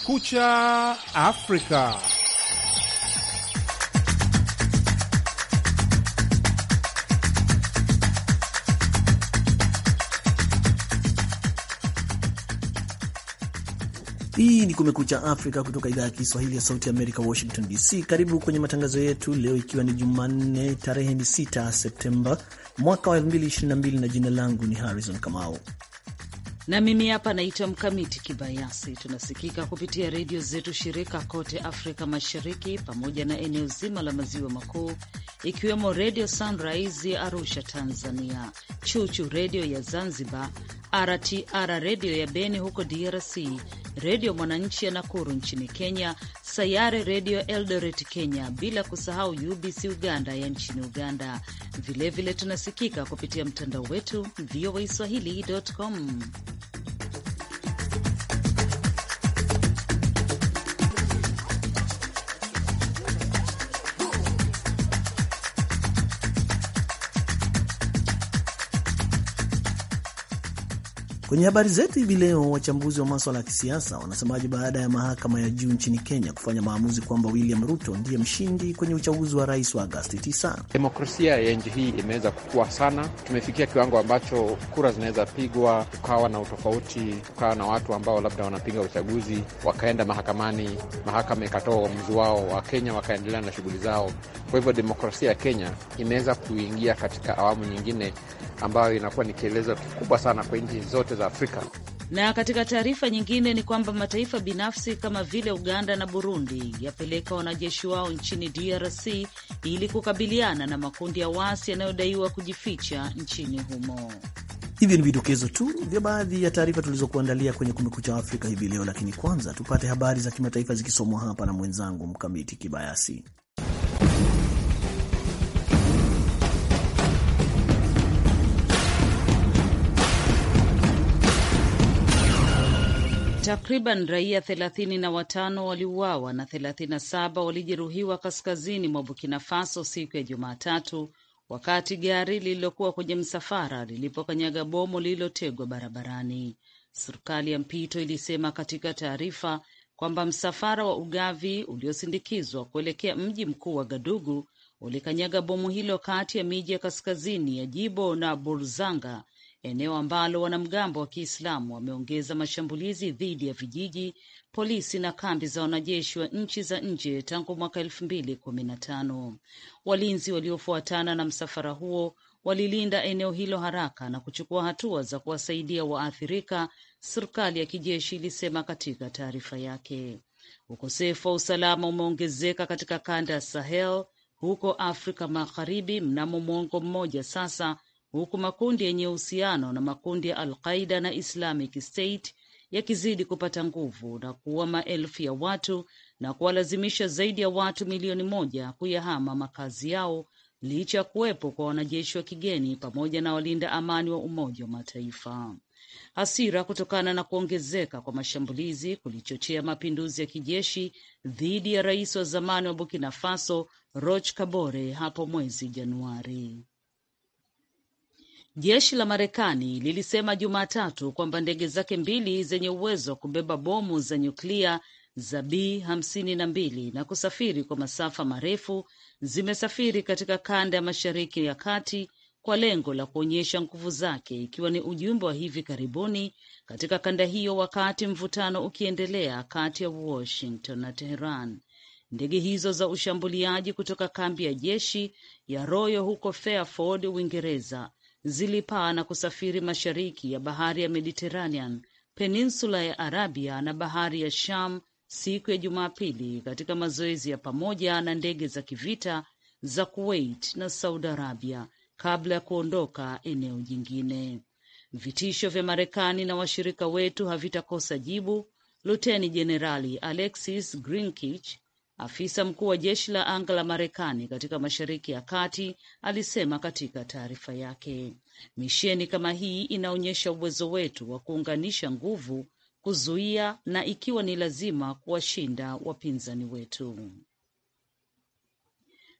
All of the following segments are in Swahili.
Kumekucha Afrika. Hii ni Kumekucha Afrika kutoka idhaa ya Kiswahili ya Sauti Amerika, Washington DC. Karibu kwenye matangazo yetu leo, ikiwa ni Jumanne tarehe ni 6 Septemba mwaka wa 2022 na jina langu ni Harrison Kamau na mimi hapa naitwa Mkamiti Kibayasi. Tunasikika kupitia redio zetu shirika kote Afrika Mashariki pamoja na eneo zima la maziwa makuu, ikiwemo Redio Sunrise ya Arusha Tanzania, Chuchu Redio ya Zanzibar, RTR redio ya Beni huko DRC, redio Mwananchi ya Nakuru nchini Kenya, Sayare redio Eldoret Kenya, bila kusahau UBC Uganda ya nchini Uganda. Vilevile vile tunasikika kupitia mtandao wetu voa swahili.com. Kwenye habari zetu hivi leo, wachambuzi wa maswala ya kisiasa wanasemaje baada ya mahakama ya juu nchini Kenya kufanya maamuzi kwamba William Ruto ndiye mshindi kwenye uchaguzi wa rais wa Agasti 9? Demokrasia ya nchi hii imeweza kukua sana, tumefikia kiwango ambacho kura zinaweza pigwa, kukawa na utofauti, kukawa na watu ambao labda wanapinga uchaguzi wakaenda mahakamani, mahakama ikatoa uamuzi wao, Wakenya wakaendelea na shughuli zao. Kwa hivyo demokrasia ya Kenya imeweza kuingia katika awamu nyingine ambayo inakuwa ni kielezo kikubwa sana kwa nchi zote za Afrika. Na katika taarifa nyingine ni kwamba mataifa binafsi kama vile Uganda na Burundi yapeleka wanajeshi wao nchini DRC ili kukabiliana na makundi ya waasi yanayodaiwa kujificha nchini humo. Hivyo ni vidokezo tu vya baadhi ya taarifa tulizokuandalia kwenye Kumekucha Afrika hivi leo, lakini kwanza tupate habari za kimataifa zikisomwa hapa na mwenzangu Mkamiti Kibayasi. Takriban raia thelathini na watano waliuawa na thelathini na saba walijeruhiwa kaskazini mwa Burkina Faso siku ya Jumatatu wakati gari lililokuwa kwenye msafara lilipokanyaga bomu lililotegwa barabarani. Serikali ya mpito ilisema katika taarifa kwamba msafara wa ugavi uliosindikizwa kuelekea mji mkuu wa Gadugu ulikanyaga bomu hilo kati ya miji ya kaskazini ya Jibo na Burzanga eneo ambalo wanamgambo wa Kiislamu wameongeza mashambulizi dhidi ya vijiji, polisi na kambi za wanajeshi wa nchi za nje tangu mwaka elfu mbili kumi na tano. Walinzi waliofuatana na msafara huo walilinda eneo hilo haraka na kuchukua hatua za kuwasaidia waathirika, serikali ya kijeshi ilisema katika taarifa yake. Ukosefu wa usalama umeongezeka katika kanda ya Sahel huko Afrika Magharibi mnamo mwongo mmoja sasa huku makundi yenye uhusiano na makundi ya alqaida na Islamic State yakizidi kupata nguvu na kuua maelfu ya watu na kuwalazimisha zaidi ya watu milioni moja kuyahama makazi yao licha ya kuwepo kwa wanajeshi wa kigeni pamoja na walinda amani wa Umoja wa Mataifa. Hasira kutokana na kuongezeka kwa mashambulizi kulichochea mapinduzi ya kijeshi dhidi ya rais wa zamani wa Burkina Faso Roch Kabore hapo mwezi Januari. Jeshi la Marekani lilisema Jumatatu kwamba ndege zake mbili zenye uwezo wa kubeba bomu za nyuklia za B52 na kusafiri kwa masafa marefu zimesafiri katika kanda ya Mashariki ya Kati kwa lengo la kuonyesha nguvu zake, ikiwa ni ujumbe wa hivi karibuni katika kanda hiyo, wakati mvutano ukiendelea kati ya Washington na Teheran. Ndege hizo za ushambuliaji kutoka kambi ya jeshi ya Royo huko Fairford, Uingereza zilipaa na kusafiri mashariki ya bahari ya Mediterranean, peninsula ya Arabia na bahari ya Sham siku ya Jumapili katika mazoezi ya pamoja na ndege za kivita za Kuwait na Saudi Arabia kabla ya kuondoka eneo jingine. Vitisho vya Marekani na washirika wetu havitakosa jibu, Luteni Jenerali Alexis Grinkich Afisa mkuu wa jeshi la anga la Marekani katika Mashariki ya Kati alisema katika taarifa yake, misheni kama hii inaonyesha uwezo wetu wa kuunganisha nguvu, kuzuia na ikiwa ni lazima kuwashinda wapinzani wetu.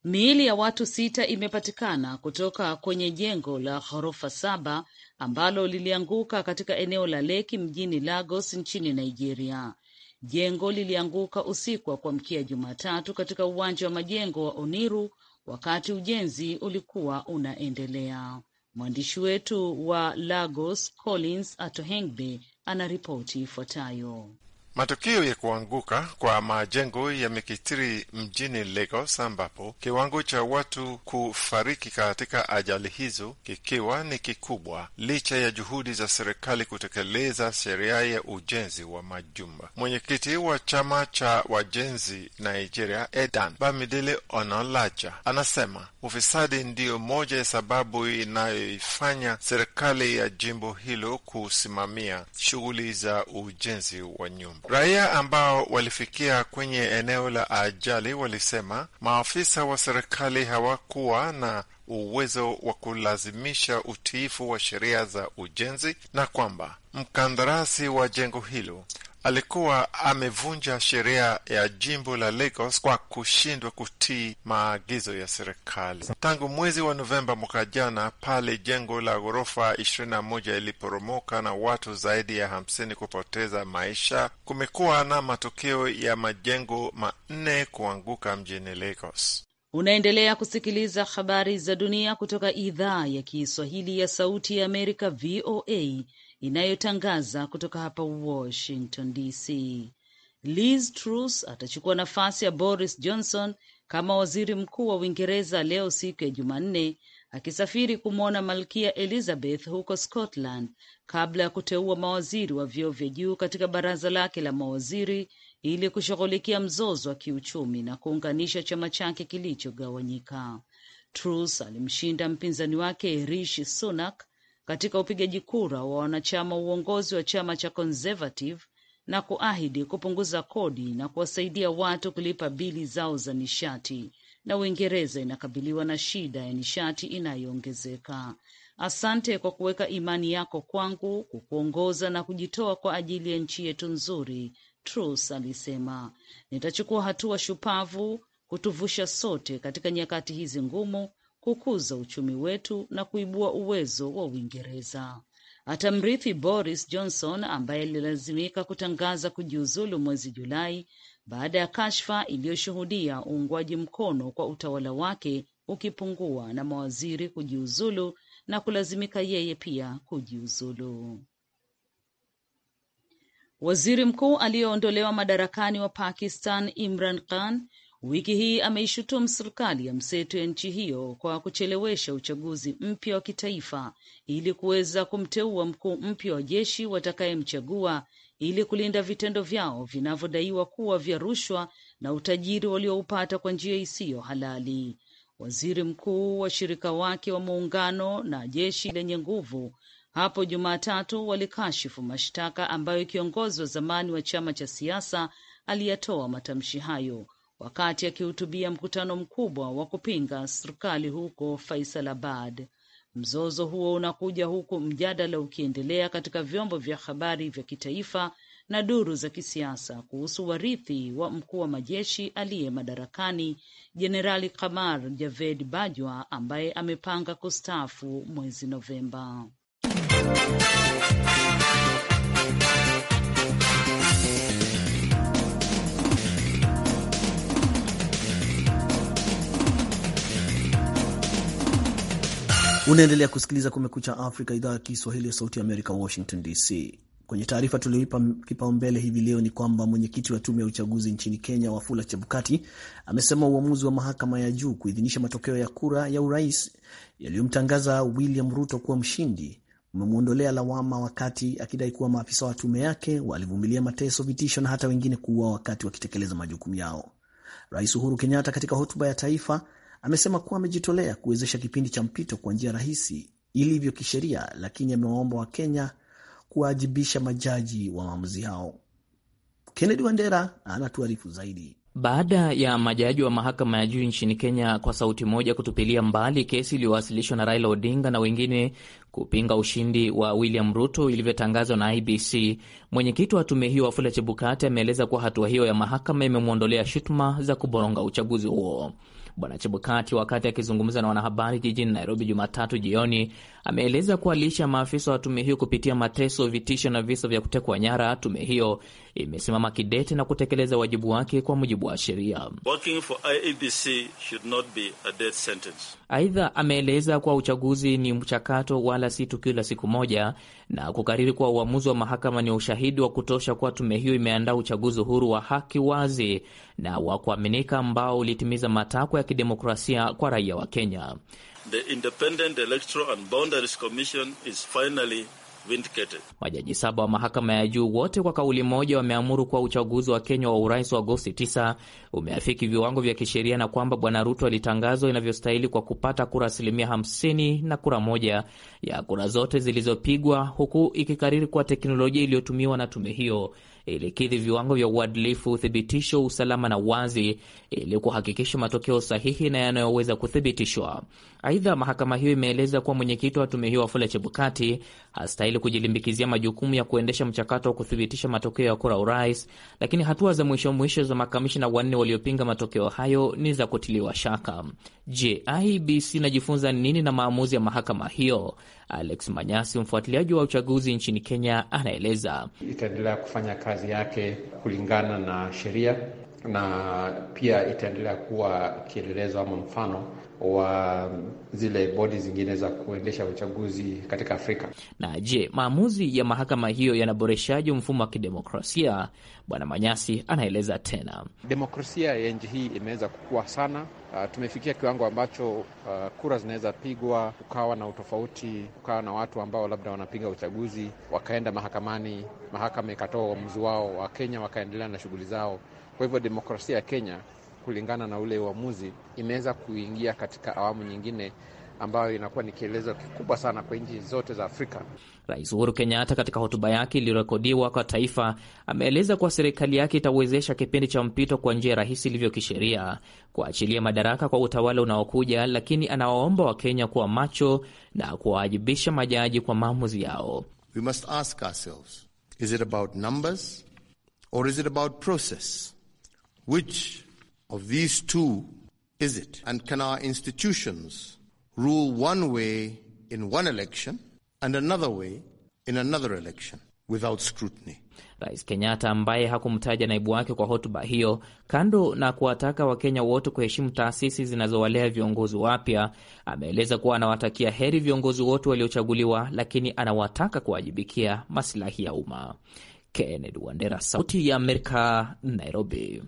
Miili ya watu sita imepatikana kutoka kwenye jengo la ghorofa saba ambalo lilianguka katika eneo la Leki mjini Lagos nchini Nigeria, Jengo lilianguka usiku wa kuamkia Jumatatu katika uwanja wa majengo wa Oniru wakati ujenzi ulikuwa unaendelea. Mwandishi wetu wa Lagos Collins Atohengbe anaripoti ifuatayo. Matukio ya kuanguka kwa majengo yamekitiri mjini Lagos, ambapo kiwango cha watu kufariki katika ajali hizo kikiwa ni kikubwa licha ya juhudi za serikali kutekeleza sheria ya ujenzi wa majumba. Mwenyekiti wa chama cha wajenzi Nigeria, Edan Bamidele Onolaja, anasema ufisadi ndiyo moja ya sababu inayoifanya serikali ya jimbo hilo kusimamia shughuli za ujenzi wa nyumba. Raia ambao walifikia kwenye eneo la ajali walisema maafisa wa serikali hawakuwa na uwezo wa kulazimisha utiifu wa sheria za ujenzi na kwamba mkandarasi wa jengo hilo alikuwa amevunja sheria ya jimbo la Lagos kwa kushindwa kutii maagizo ya serikali. Tangu mwezi wa Novemba mwaka jana, pale jengo la ghorofa ishirini na moja iliporomoka na watu zaidi ya hamsini kupoteza maisha, kumekuwa na matokeo ya majengo manne kuanguka mjini Lagos. Unaendelea kusikiliza habari za dunia kutoka idhaa ya Kiswahili ya Sauti ya Amerika, VOA, inayotangaza kutoka hapa Washington DC. Liz Truss atachukua nafasi ya Boris Johnson kama waziri mkuu wa Uingereza leo siku ya Jumanne, akisafiri kumwona Malkia Elizabeth huko Scotland kabla ya kuteua mawaziri wa vyeo vya juu katika baraza lake la mawaziri ili kushughulikia mzozo wa kiuchumi na kuunganisha chama chake kilichogawanyika. Truss alimshinda mpinzani wake Rishi Sunak katika upigaji kura wa wanachama uongozi wa chama cha Conservative na kuahidi kupunguza kodi na kuwasaidia watu kulipa bili zao za nishati, na Uingereza inakabiliwa na shida ya nishati inayoongezeka. Asante kwa kuweka imani yako kwangu, kukuongoza na kujitoa kwa ajili ya nchi yetu nzuri, Truss alisema, nitachukua hatua shupavu kutuvusha sote katika nyakati hizi ngumu, kukuza uchumi wetu na kuibua uwezo wa Uingereza. Atamrithi Boris Johnson ambaye alilazimika kutangaza kujiuzulu mwezi Julai baada ya kashfa iliyoshuhudia uungwaji mkono kwa utawala wake ukipungua na mawaziri kujiuzulu na kulazimika yeye pia kujiuzulu. Waziri mkuu aliyeondolewa madarakani wa Pakistan Imran Khan wiki hii ameishutumu serikali ya mseto ya nchi hiyo kwa kuchelewesha uchaguzi mpya wa kitaifa ili kuweza kumteua mkuu mpya wa jeshi watakayemchagua ili kulinda vitendo vyao vinavyodaiwa kuwa vya rushwa na utajiri walioupata kwa njia isiyo halali. Waziri mkuu, washirika wake wa muungano na jeshi lenye nguvu hapo Jumatatu walikashifu mashtaka ambayo kiongozi wa zamani wa chama cha siasa aliyatoa matamshi hayo wakati akihutubia mkutano mkubwa wa kupinga serikali huko Faisalabad. Mzozo huo unakuja huku mjadala ukiendelea katika vyombo vya habari vya kitaifa na duru za kisiasa kuhusu warithi wa mkuu wa majeshi aliye madarakani Jenerali Kamar Javed Bajwa ambaye amepanga kustaafu mwezi Novemba. Unaendelea kusikiliza Kumekucha Afrika, idhaa ya Kiswahili ya Sauti ya Amerika, Washington DC. Kwenye taarifa tulioipa kipaumbele hivi leo ni kwamba mwenyekiti wa tume ya uchaguzi nchini Kenya, Wafula Chebukati, amesema uamuzi wa mahakama ya juu kuidhinisha matokeo ya kura ya urais yaliyomtangaza William Ruto kuwa mshindi umemwondolea lawama wakati akidai kuwa maafisa wa tume yake walivumilia mateso, vitisho na hata wengine kuua wakati wakitekeleza majukumu yao. Rais Uhuru Kenyatta katika hotuba ya taifa amesema kuwa amejitolea kuwezesha kipindi cha mpito kwa njia rahisi ilivyo kisheria, lakini amewaomba Wakenya kuwaajibisha majaji wa maamuzi hao. Kennedy Wandera anatuarifu zaidi. Baada ya majaji wa mahakama ya juu nchini Kenya kwa sauti moja kutupilia mbali kesi iliyowasilishwa na Raila Odinga na wengine kupinga ushindi wa William Ruto ilivyotangazwa na IBC, mwenyekiti wa tume hiyo Wafula Chebukati ameeleza kuwa hatua hiyo ya mahakama imemwondolea shutuma za kuboronga uchaguzi huo. Bwana Chebukati, wakati akizungumza na wanahabari jijini Nairobi Jumatatu jioni, ameeleza kuwa licha ya maafisa wa tume hiyo kupitia mateso, vitisho na visa vya kutekwa nyara, tume hiyo imesimama kidete na kutekeleza wajibu wake kwa mujibu wa sheria. Aidha, ameeleza kuwa uchaguzi ni mchakato wala si tukio la siku moja, na kukariri kuwa uamuzi wa mahakama ni ushahidi wa kutosha kuwa tume hiyo imeandaa uchaguzi huru wa haki, wazi na wa kuaminika ambao ulitimiza matakwa ya kidemokrasia kwa raia wa Kenya. The Independent Electoral and Boundaries Commission is finally vindicated. Majaji saba wa mahakama ya juu wote kwa kauli moja wameamuru kuwa uchaguzi wa Kenya wa urais wa Agosti 9 umeafiki viwango vya kisheria na kwamba Bwana Ruto alitangazwa inavyostahili kwa kupata kura asilimia 50 na kura moja ya kura zote zilizopigwa, huku ikikariri kuwa teknolojia iliyotumiwa na tume hiyo ilikidhi viwango vya uadilifu, uthibitisho, usalama na wazi ili kuhakikisha matokeo sahihi na yanayoweza kuthibitishwa. Aidha, mahakama hiyo imeeleza kuwa mwenyekiti wa tume hiyo Wafula Chebukati hastahili kujilimbikizia majukumu ya kuendesha mchakato wa kuthibitisha matokeo ya kura urais, lakini hatua za mwisho mwisho za makamishina wanne waliopinga matokeo hayo ni za kutiliwa shaka. Je, IBC inajifunza nini na maamuzi ya mahakama hiyo? Alex Manyasi, mfuatiliaji wa uchaguzi nchini Kenya, anaeleza. Itaendelea kufanya kazi kazi yake kulingana na sheria na pia itaendelea kuwa kielelezo ama mfano wa zile bodi zingine za kuendesha uchaguzi katika Afrika. Na je, maamuzi ya mahakama hiyo yanaboreshaje mfumo wa kidemokrasia? Bwana Manyasi anaeleza tena. Demokrasia ya nchi hii imeweza kukua sana. Uh, tumefikia kiwango ambacho uh, kura zinaweza pigwa, kukawa na utofauti, kukawa na watu ambao labda wanapinga uchaguzi wakaenda mahakamani, mahakama ikatoa uamuzi wao, Wakenya wakaendelea na shughuli zao. Kwa hivyo demokrasia ya Kenya kulingana na ule uamuzi imeweza kuingia katika awamu nyingine ambayo inakuwa ni kielezo kikubwa sana kwa nchi zote za Afrika. Rais Uhuru Kenyatta katika hotuba yake iliyorekodiwa kwa taifa ameeleza kuwa serikali yake itawezesha kipindi cha mpito kwa njia rahisi ilivyo kisheria kuachilia madaraka kwa utawala unaokuja, lakini anawaomba Wakenya kuwa macho na kuwawajibisha majaji kwa maamuzi yao. We must ask ourselves, is it about numbers or is it about process? Which of these two is it? And can our institutions rule one way in one election and another way in another election without scrutiny? Rais Kenyatta ambaye hakumtaja naibu wake kwa hotuba hiyo, kando na kuwataka Wakenya wote kuheshimu taasisi zinazowalea viongozi wapya, ameeleza kuwa anawatakia heri viongozi wote waliochaguliwa, lakini anawataka kuwajibikia masilahi ya umma. Kennedy Wandera, Sauti ya Amerika, Nairobi.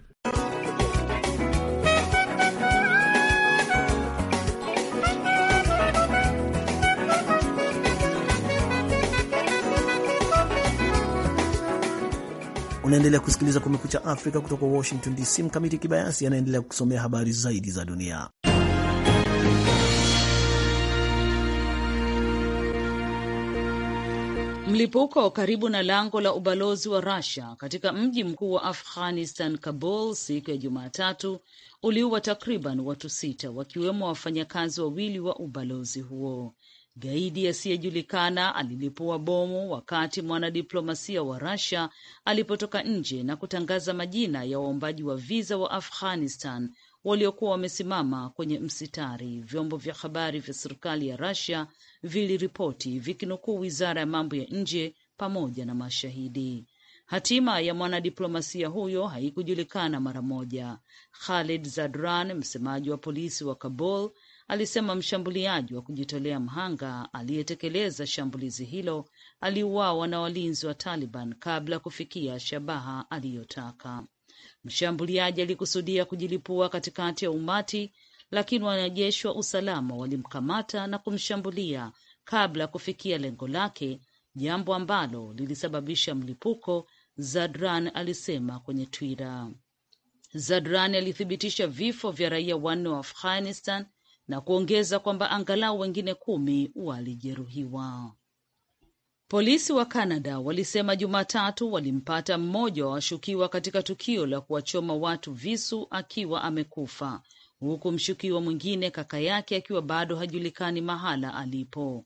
Unaendelea kusikiliza Kumekucha Afrika kutoka Washington DC. Mkamiti Kibayasi anaendelea kusomea habari zaidi za dunia. Mlipuko karibu na lango la ubalozi wa Russia katika mji mkuu wa Afghanistan, Kabul, siku ya Jumatatu uliua takriban watu sita, wakiwemo wafanyakazi wawili wa ubalozi huo. Gaidi asiyejulikana alilipua bomu wakati mwanadiplomasia wa Russia alipotoka nje na kutangaza majina ya waombaji wa viza wa Afghanistan waliokuwa wamesimama kwenye msitari, vyombo vya habari vya serikali ya Russia viliripoti vikinukuu wizara ya mambo ya nje pamoja na mashahidi. Hatima ya mwanadiplomasia huyo haikujulikana mara moja. Khalid Zadran, msemaji wa polisi wa Kabul, alisema mshambuliaji wa kujitolea mhanga aliyetekeleza shambulizi hilo aliuawa na walinzi wa Taliban kabla ya kufikia shabaha aliyotaka. Mshambuliaji alikusudia kujilipua katikati ya umati, lakini wanajeshi wa usalama walimkamata na kumshambulia kabla ya kufikia lengo lake, jambo ambalo lilisababisha mlipuko, Zadran alisema kwenye Twitter. Zadran alithibitisha vifo vya raia wanne wa Afghanistan na kuongeza kwamba angalau wengine kumi walijeruhiwa. Polisi wa Kanada walisema Jumatatu walimpata mmoja wa washukiwa katika tukio la kuwachoma watu visu akiwa amekufa, huku mshukiwa mwingine kaka yake akiwa bado hajulikani mahala alipo.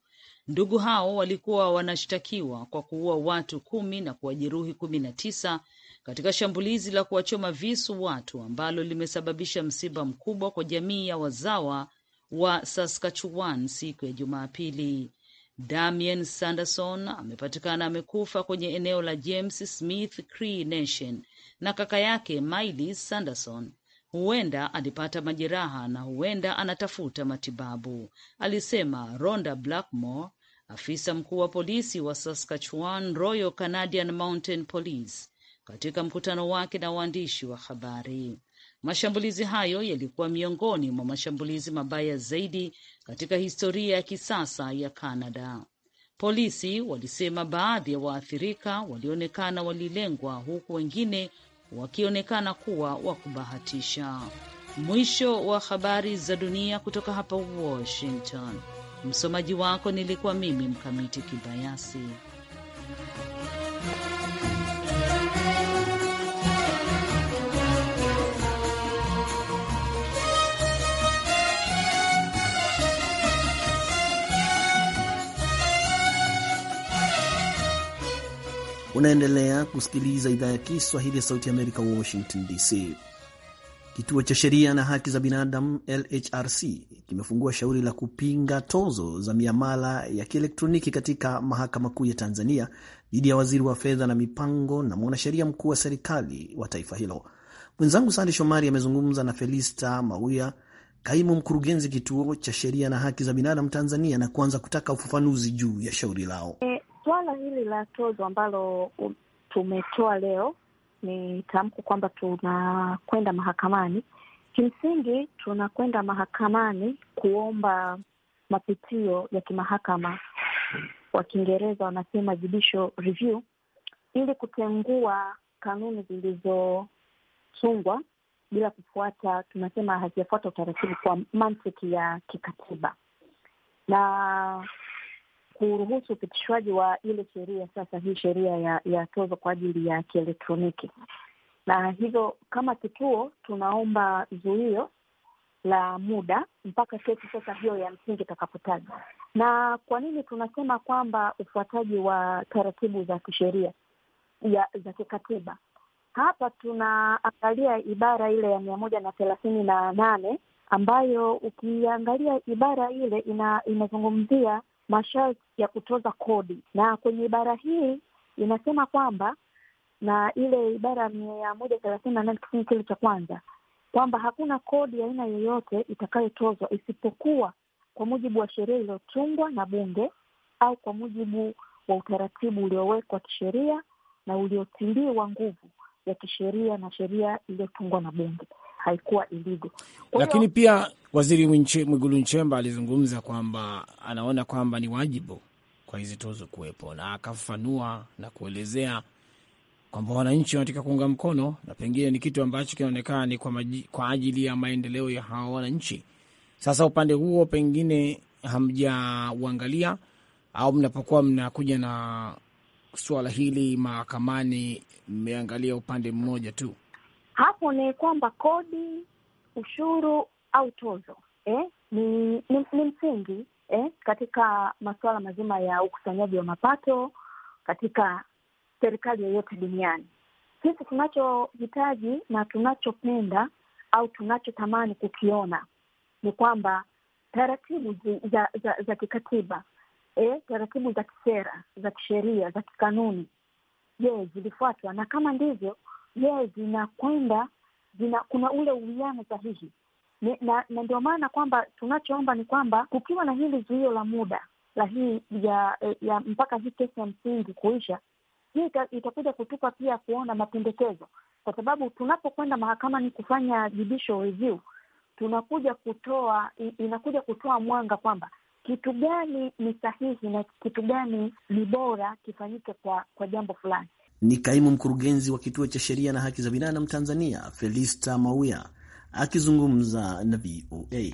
Ndugu hao walikuwa wanashtakiwa kwa kuua watu kumi na kuwajeruhi kumi na tisa katika shambulizi la kuwachoma visu watu ambalo limesababisha msiba mkubwa kwa jamii ya wazawa wa Saskatchewan siku ya Jumapili. Damien Sanderson amepatikana amekufa kwenye eneo la James Smith Cree Nation na kaka yake Miley Sanderson huenda alipata majeraha na huenda anatafuta matibabu, alisema Rhonda Blackmore, afisa mkuu wa polisi wa Saskatchewan Royal Canadian Mounted Police katika mkutano wake na waandishi wa habari. Mashambulizi hayo yalikuwa miongoni mwa mashambulizi mabaya zaidi katika historia ya kisasa ya Kanada. Polisi walisema baadhi ya waathirika walionekana walilengwa huku wengine wakionekana kuwa wa kubahatisha. Mwisho wa habari za dunia kutoka hapa Washington. Msomaji wako nilikuwa mimi Mkamiti Kibayasi. Unaendelea kusikiliza idhaa ya Kiswahili ya Sauti ya Amerika, Washington DC. Kituo cha Sheria na Haki za Binadamu LHRC kimefungua shauri la kupinga tozo za miamala ya kielektroniki katika Mahakama Kuu ya Tanzania dhidi ya waziri wa fedha na mipango na mwanasheria mkuu wa serikali wa taifa hilo. Mwenzangu Sande Shomari amezungumza na Felista Mauya, kaimu mkurugenzi kituo cha Sheria na Haki za Binadamu Tanzania, na kuanza kutaka ufafanuzi juu ya shauri lao. Suala hili la tozo ambalo tumetoa leo ni tamko kwamba tunakwenda mahakamani. Kimsingi tunakwenda mahakamani kuomba mapitio ya kimahakama, wa Kiingereza wanasema judicial review, ili kutengua kanuni zilizotungwa bila kufuata, tunasema hazijafuata utaratibu kwa mantiki ya kikatiba na kuruhusu upitishwaji wa ile sheria sasa, hii sheria ya, ya tozo kwa ajili ya kielektroniki. Na hivyo kama kituo tunaomba zuio la muda mpaka kesi sasa hiyo ya msingi itakapotajwa. Na kwa nini tunasema kwamba ufuataji wa taratibu za kisheria ya za kikatiba hapa tunaangalia ibara ile ya mia moja na thelathini na nane ambayo ukiangalia ibara ile ina, inazungumzia masharti ya kutoza kodi, na kwenye ibara hii inasema kwamba na ile ibara mia moja thelathini na nane kifungu kile cha kwanza kwamba hakuna kodi aina yoyote itakayotozwa isipokuwa kwa mujibu wa sheria iliyotungwa na Bunge au kwa mujibu wa utaratibu uliowekwa kisheria na uliotiliwa nguvu ya kisheria na sheria iliyotungwa na Bunge haikuwa iligo. Lakini pia Waziri Mwigulu Nchemba alizungumza kwamba anaona kwamba ni wajibu kwa hizi tozo kuwepo, na akafafanua na kuelezea kwamba wananchi wanataka kuunga mkono na pengine ni kitu ambacho kinaonekana ni kwa, maji, kwa ajili ya maendeleo ya hawa wananchi. Sasa upande huo pengine hamjauangalia au mnapokuwa mnakuja na suala hili mahakamani mmeangalia upande mmoja tu? hapo ni kwamba kodi, ushuru au tozo eh, ni, ni, ni msingi eh, katika masuala mazima ya ukusanyaji wa mapato katika serikali yoyote duniani. Sisi tunachohitaji na tunachopenda au tunachotamani kukiona ni kwamba taratibu za za, za kikatiba eh, taratibu za kisera za kisheria za kikanuni, je, zilifuatwa? Na kama ndivyo, je, zinakwenda zina, kuna ule uwiano sahihi na, na, na ndio maana kwamba tunachoomba ni kwamba kukiwa na hili zuio la muda la hii ya, eh, ya mpaka hii kesi ya msingi kuisha, hii itakuja kutupa pia kuona mapendekezo, kwa sababu tunapokwenda mahakamani kufanya judicial review tunakuja kutoa inakuja kutoa mwanga kwamba kitu gani ni sahihi na kitu gani ni bora kifanyike kwa kwa jambo fulani ni kaimu mkurugenzi wa kituo cha sheria na haki za binadamu Tanzania, Felista Mauya akizungumza na VOA.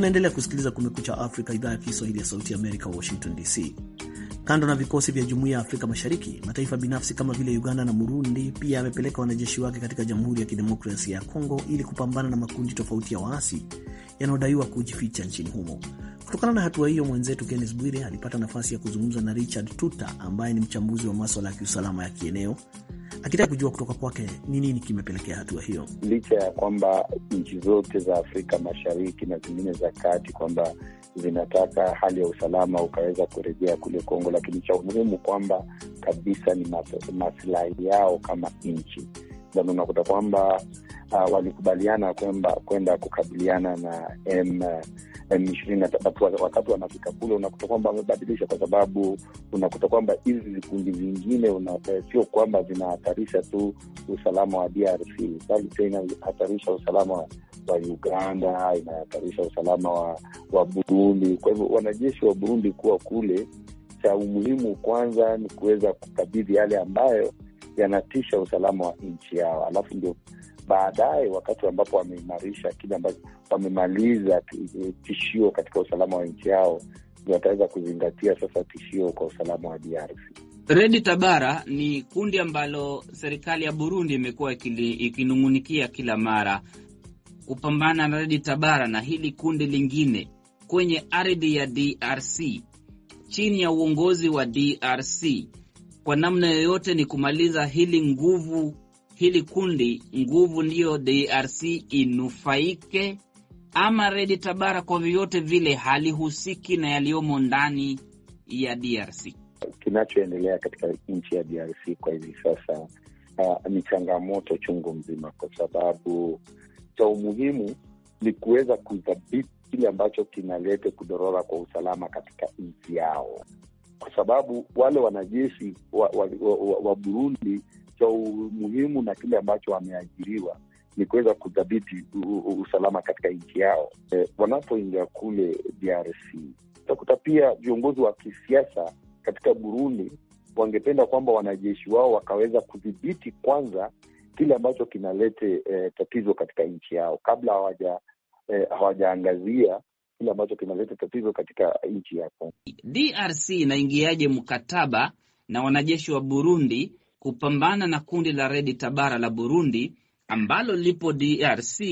Unaendelea kusikiliza Kumekucha Afrika, idhaa ya Kiswahili ya Sauti Amerika, Washington DC. Kando na vikosi vya Jumuiya ya Afrika Mashariki, mataifa binafsi kama vile Uganda na Burundi pia yamepeleka wanajeshi wake katika Jamhuri ya Kidemokrasia ya Kongo ili kupambana na makundi tofauti ya waasi yanayodaiwa kujificha nchini humo. Kutokana na hatua hiyo, mwenzetu Kennes Bwire alipata nafasi ya kuzungumza na Richard Tuta ambaye ni mchambuzi wa maswala ya kiusalama ya kieneo akitaka kujua kutoka kwake ni nini kimepelekea hatua hiyo, licha ya kwamba nchi zote za Afrika Mashariki na zingine za kati kwamba zinataka hali ya usalama ukaweza kurejea kule Kongo, lakini cha umuhimu kwamba kabisa ni masilahi yao kama nchi ndani, unakuta kwamba uh, walikubaliana kwenda kukabiliana na M uh, M ishirini wakati wanafika kule, unakuta kwamba wamebadilisha, kwa sababu unakuta kwamba hizi vikundi vingine eh, sio kwamba vinahatarisha tu usalama wa DRC, bali pia inahatarisha usalama wa Uganda, inahatarisha usalama wa, wa Burundi. Kwa hivyo wanajeshi wa Burundi kuwa kule, cha umuhimu kwanza ni kuweza kukabidhi yale ambayo yanatisha usalama wa nchi yao, alafu ndio baadaye, wakati ambapo wameimarisha kile ambacho wamemaliza eh, tishio katika usalama wa nchi yao, ndio wataweza kuzingatia sasa tishio kwa usalama wa DRC. Redi Tabara ni kundi ambalo serikali ya Burundi imekuwa ikinung'unikia kila mara kupambana na Redi Tabara na hili kundi lingine kwenye ardhi ya DRC chini ya uongozi wa DRC, kwa namna yoyote ni kumaliza hili nguvu hili kundi nguvu ndiyo DRC inufaike, ama Redi Tabara kwa vyovyote vile halihusiki na yaliyomo ndani ya DRC? Kinachoendelea katika nchi ya DRC kwa hivi sasa uh, ni changamoto chungu mzima, kwa sababu cha umuhimu ni kuweza kudhibiti kile ambacho kinaleta kudorora kwa usalama katika nchi yao, kwa sababu wale wanajeshi wa, wa, wa, wa, wa Burundi cha umuhimu na kile ambacho wameajiriwa ni kuweza kudhibiti usalama katika nchi yao. E, wanapoingia kule DRC utakuta pia viongozi wa kisiasa katika Burundi wangependa kwamba wanajeshi wao wakaweza kudhibiti kwanza kile ambacho kinalete e, tatizo katika nchi yao kabla hawaja e, hawajaangazia kile ambacho kinaleta tatizo katika nchi yako. DRC inaingiaje mkataba na wanajeshi wa Burundi kupambana na kundi la Redi Tabara la Burundi ambalo lipo DRC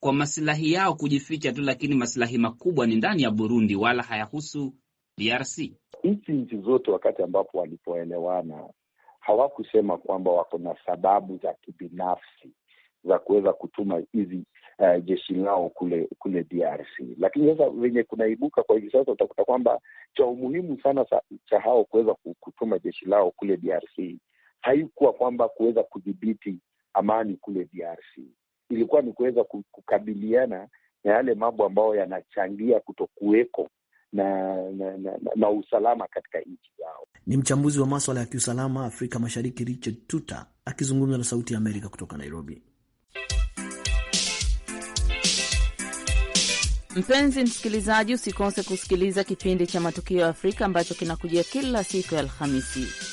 kwa masilahi yao kujificha tu, lakini masilahi makubwa ni ndani ya Burundi, wala hayahusu DRC. Hizi nchi zote wakati ambapo walipoelewana hawakusema kwamba wako na sababu za kibinafsi za kuweza kutuma hizi uh, jeshi lao kule kule DRC. Lakini sasa venye kunaibuka kwa hivi sasa, utakuta kwamba cha umuhimu sana sa, cha hao kuweza kutuma jeshi lao kule DRC haikuwa kwamba kuweza kudhibiti amani kule DRC, ilikuwa ni kuweza kukabiliana na yale mambo ambayo yanachangia kutokuweko na na, na na usalama katika nchi yao. Ni mchambuzi wa maswala ya kiusalama Afrika Mashariki Richard Tuta akizungumza na Sauti ya Amerika kutoka Nairobi. Mpenzi msikilizaji, usikose kusikiliza kipindi cha Matukio ya Afrika ambacho kinakujia kila siku ya Alhamisi.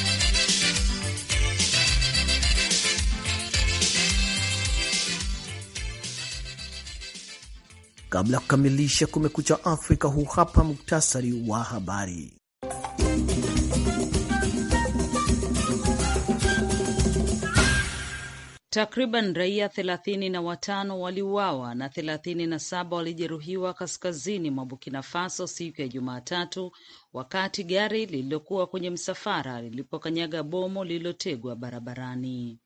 Kabla ya kukamilisha Kumekucha Afrika, huu hapa muktasari wa habari. Takriban raia thelathini na watano waliuawa na thelathini na saba walijeruhiwa kaskazini mwa Burkina Faso siku ya Jumatatu wakati gari lililokuwa kwenye msafara lilipokanyaga bomo lililotegwa barabarani.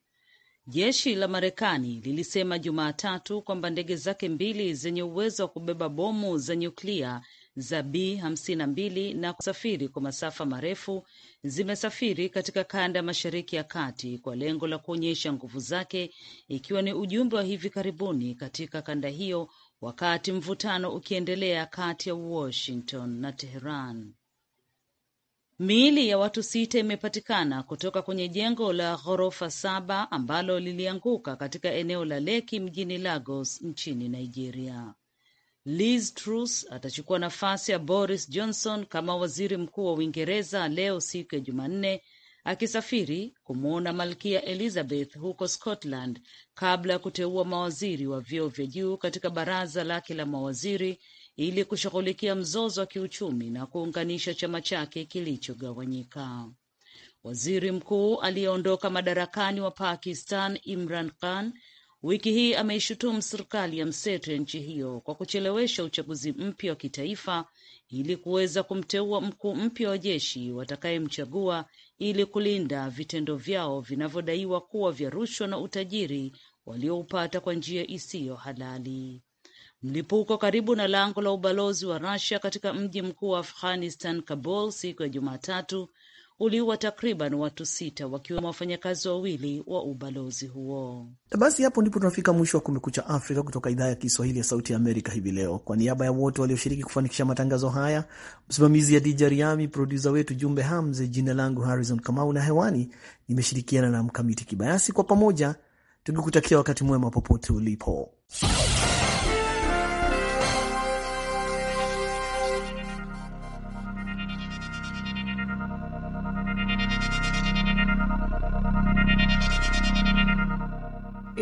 Jeshi la Marekani lilisema Jumatatu kwamba ndege zake mbili zenye uwezo wa kubeba bomu za nyuklia za B52 na kusafiri kwa masafa marefu zimesafiri katika kanda ya Mashariki ya Kati kwa lengo la kuonyesha nguvu zake, ikiwa ni ujumbe wa hivi karibuni katika kanda hiyo, wakati mvutano ukiendelea kati ya Washington na Teheran. Miili ya watu sita imepatikana kutoka kwenye jengo la ghorofa saba ambalo lilianguka katika eneo la Lekki mjini Lagos nchini Nigeria. Liz Truss atachukua nafasi ya Boris Johnson kama waziri mkuu wa Uingereza leo siku ya Jumanne, akisafiri kumwona Malkia Elizabeth huko Scotland kabla ya kuteua mawaziri wa vyeo vya juu katika baraza lake la mawaziri ili kushughulikia mzozo wa kiuchumi na kuunganisha chama chake kilichogawanyika. Waziri mkuu aliyeondoka madarakani wa Pakistan Imran Khan wiki hii ameishutumu serikali ya mseto ya nchi hiyo kwa kuchelewesha uchaguzi mpya wa kitaifa ili kuweza kumteua mkuu mpya wa jeshi watakayemchagua ili kulinda vitendo vyao vinavyodaiwa kuwa vya rushwa na utajiri walioupata kwa njia isiyo halali mlipuko karibu na lango la ubalozi wa Russia katika mji mkuu wa Afghanistan, Kabul, siku ya Jumatatu uliua takriban watu sita wakiwemo wafanyakazi wawili wa ubalozi huo. Basi hapo ndipo tunafika mwisho wa Kumekucha Afrika kutoka idhaa ya Kiswahili ya Sauti ya Amerika hivi leo. Kwa niaba ya wote walioshiriki kufanikisha matangazo haya, msimamizi ya Dija Riami, produsa wetu Jumbe Hamze, jina langu Harrison Kamau na hewani nimeshirikiana na Mkamiti Kibayasi, kwa pamoja tukikutakia wakati mwema popote ulipo.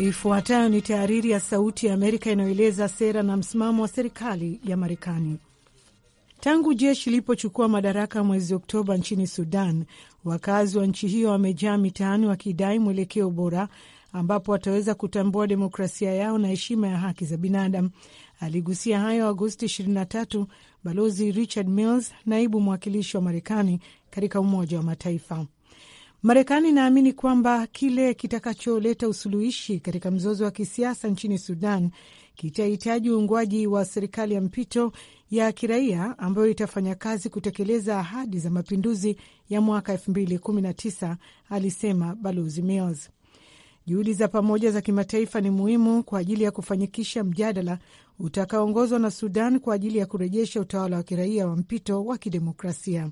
Ifuatayo ni tahariri ya Sauti ya Amerika inayoeleza sera na msimamo wa serikali ya Marekani. Tangu jeshi lilipochukua madaraka mwezi Oktoba nchini Sudan, wakazi wa nchi hiyo wamejaa mitaani wakidai mwelekeo bora ambapo wataweza kutambua demokrasia yao na heshima ya haki za binadamu. Aligusia hayo Agosti 23 Balozi Richard Mills, naibu mwakilishi wa Marekani katika Umoja wa Mataifa. Marekani inaamini kwamba kile kitakacholeta usuluhishi katika mzozo wa kisiasa nchini Sudan kitahitaji uungwaji wa serikali ya mpito ya kiraia ambayo itafanya kazi kutekeleza ahadi za mapinduzi ya mwaka 2019, alisema Balozi Mills. Juhudi za pamoja za kimataifa ni muhimu kwa ajili ya kufanikisha mjadala utakaoongozwa na Sudan kwa ajili ya kurejesha utawala wa kiraia wa mpito wa kidemokrasia.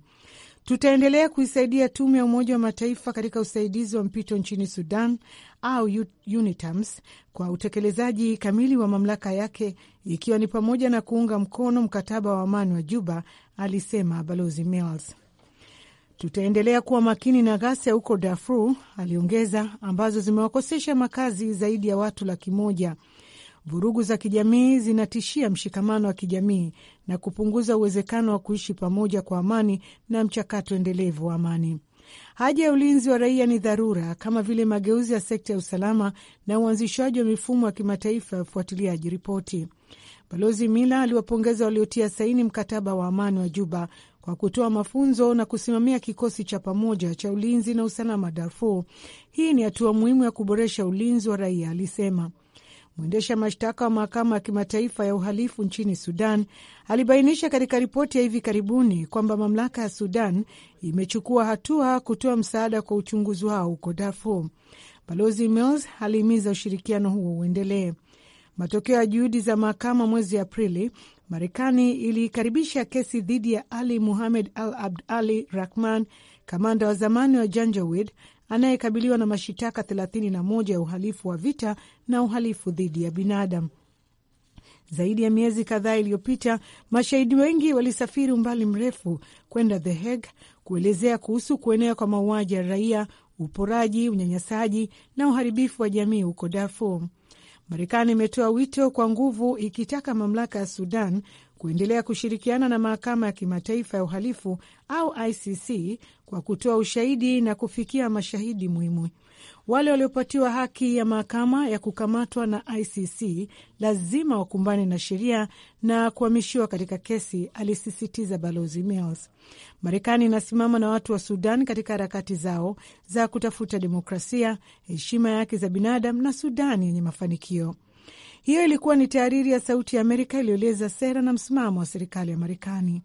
Tutaendelea kuisaidia tume ya Umoja wa Mataifa katika usaidizi wa mpito nchini Sudan au UNITAMS kwa utekelezaji kamili wa mamlaka yake ikiwa ni pamoja na kuunga mkono mkataba wa amani wa Juba, alisema Balozi Mills. Tutaendelea kuwa makini na ghasia huko Darfur, aliongeza, ambazo zimewakosesha makazi zaidi ya watu laki moja Vurugu za kijamii zinatishia mshikamano wa kijamii na kupunguza uwezekano wa kuishi pamoja kwa amani na mchakato endelevu wa amani. Haja ya ulinzi wa raia ni dharura, kama vile mageuzi ya sekta ya usalama na uanzishwaji wa mifumo ya kimataifa ya ufuatiliaji ripoti. Balozi Mila aliwapongeza waliotia saini mkataba wa amani wa Juba kwa kutoa mafunzo na kusimamia kikosi cha pamoja cha ulinzi na usalama Darfur. Hii ni hatua muhimu ya kuboresha ulinzi wa raia, alisema. Mwendesha mashtaka wa mahakama ya kimataifa ya uhalifu nchini Sudan alibainisha katika ripoti ya hivi karibuni kwamba mamlaka ya Sudan imechukua hatua kutoa msaada kwa uchunguzi wao huko Darfur. Balozi Mills alihimiza ushirikiano huo uendelee. Matokeo ya juhudi za mahakama mwezi Aprili, Marekani iliikaribisha kesi dhidi ya Ali Muhamed Al Abd Ali Rahman, kamanda wa zamani wa Janjawid anayekabiliwa na mashitaka 31 ya uhalifu wa vita na uhalifu dhidi ya binadamu. Zaidi ya miezi kadhaa iliyopita, mashahidi wengi walisafiri umbali mrefu kwenda The Hague kuelezea kuhusu kuenea kwa mauaji ya raia, uporaji, unyanyasaji na uharibifu wa jamii huko Darfur. Marekani imetoa wito kwa nguvu ikitaka mamlaka ya Sudan kuendelea kushirikiana na mahakama ya kimataifa ya uhalifu au ICC kwa kutoa ushahidi na kufikia mashahidi muhimu. Wale waliopatiwa haki ya mahakama ya kukamatwa na ICC lazima wakumbane na sheria na kuhamishiwa katika kesi, alisisitiza balozi Mills. Marekani inasimama na watu wa Sudan katika harakati zao za kutafuta demokrasia, heshima ya haki za binadamu na sudani yenye mafanikio. Hiyo ilikuwa ni tahariri ya Sauti ya Amerika iliyoeleza sera na msimamo wa serikali ya Marekani.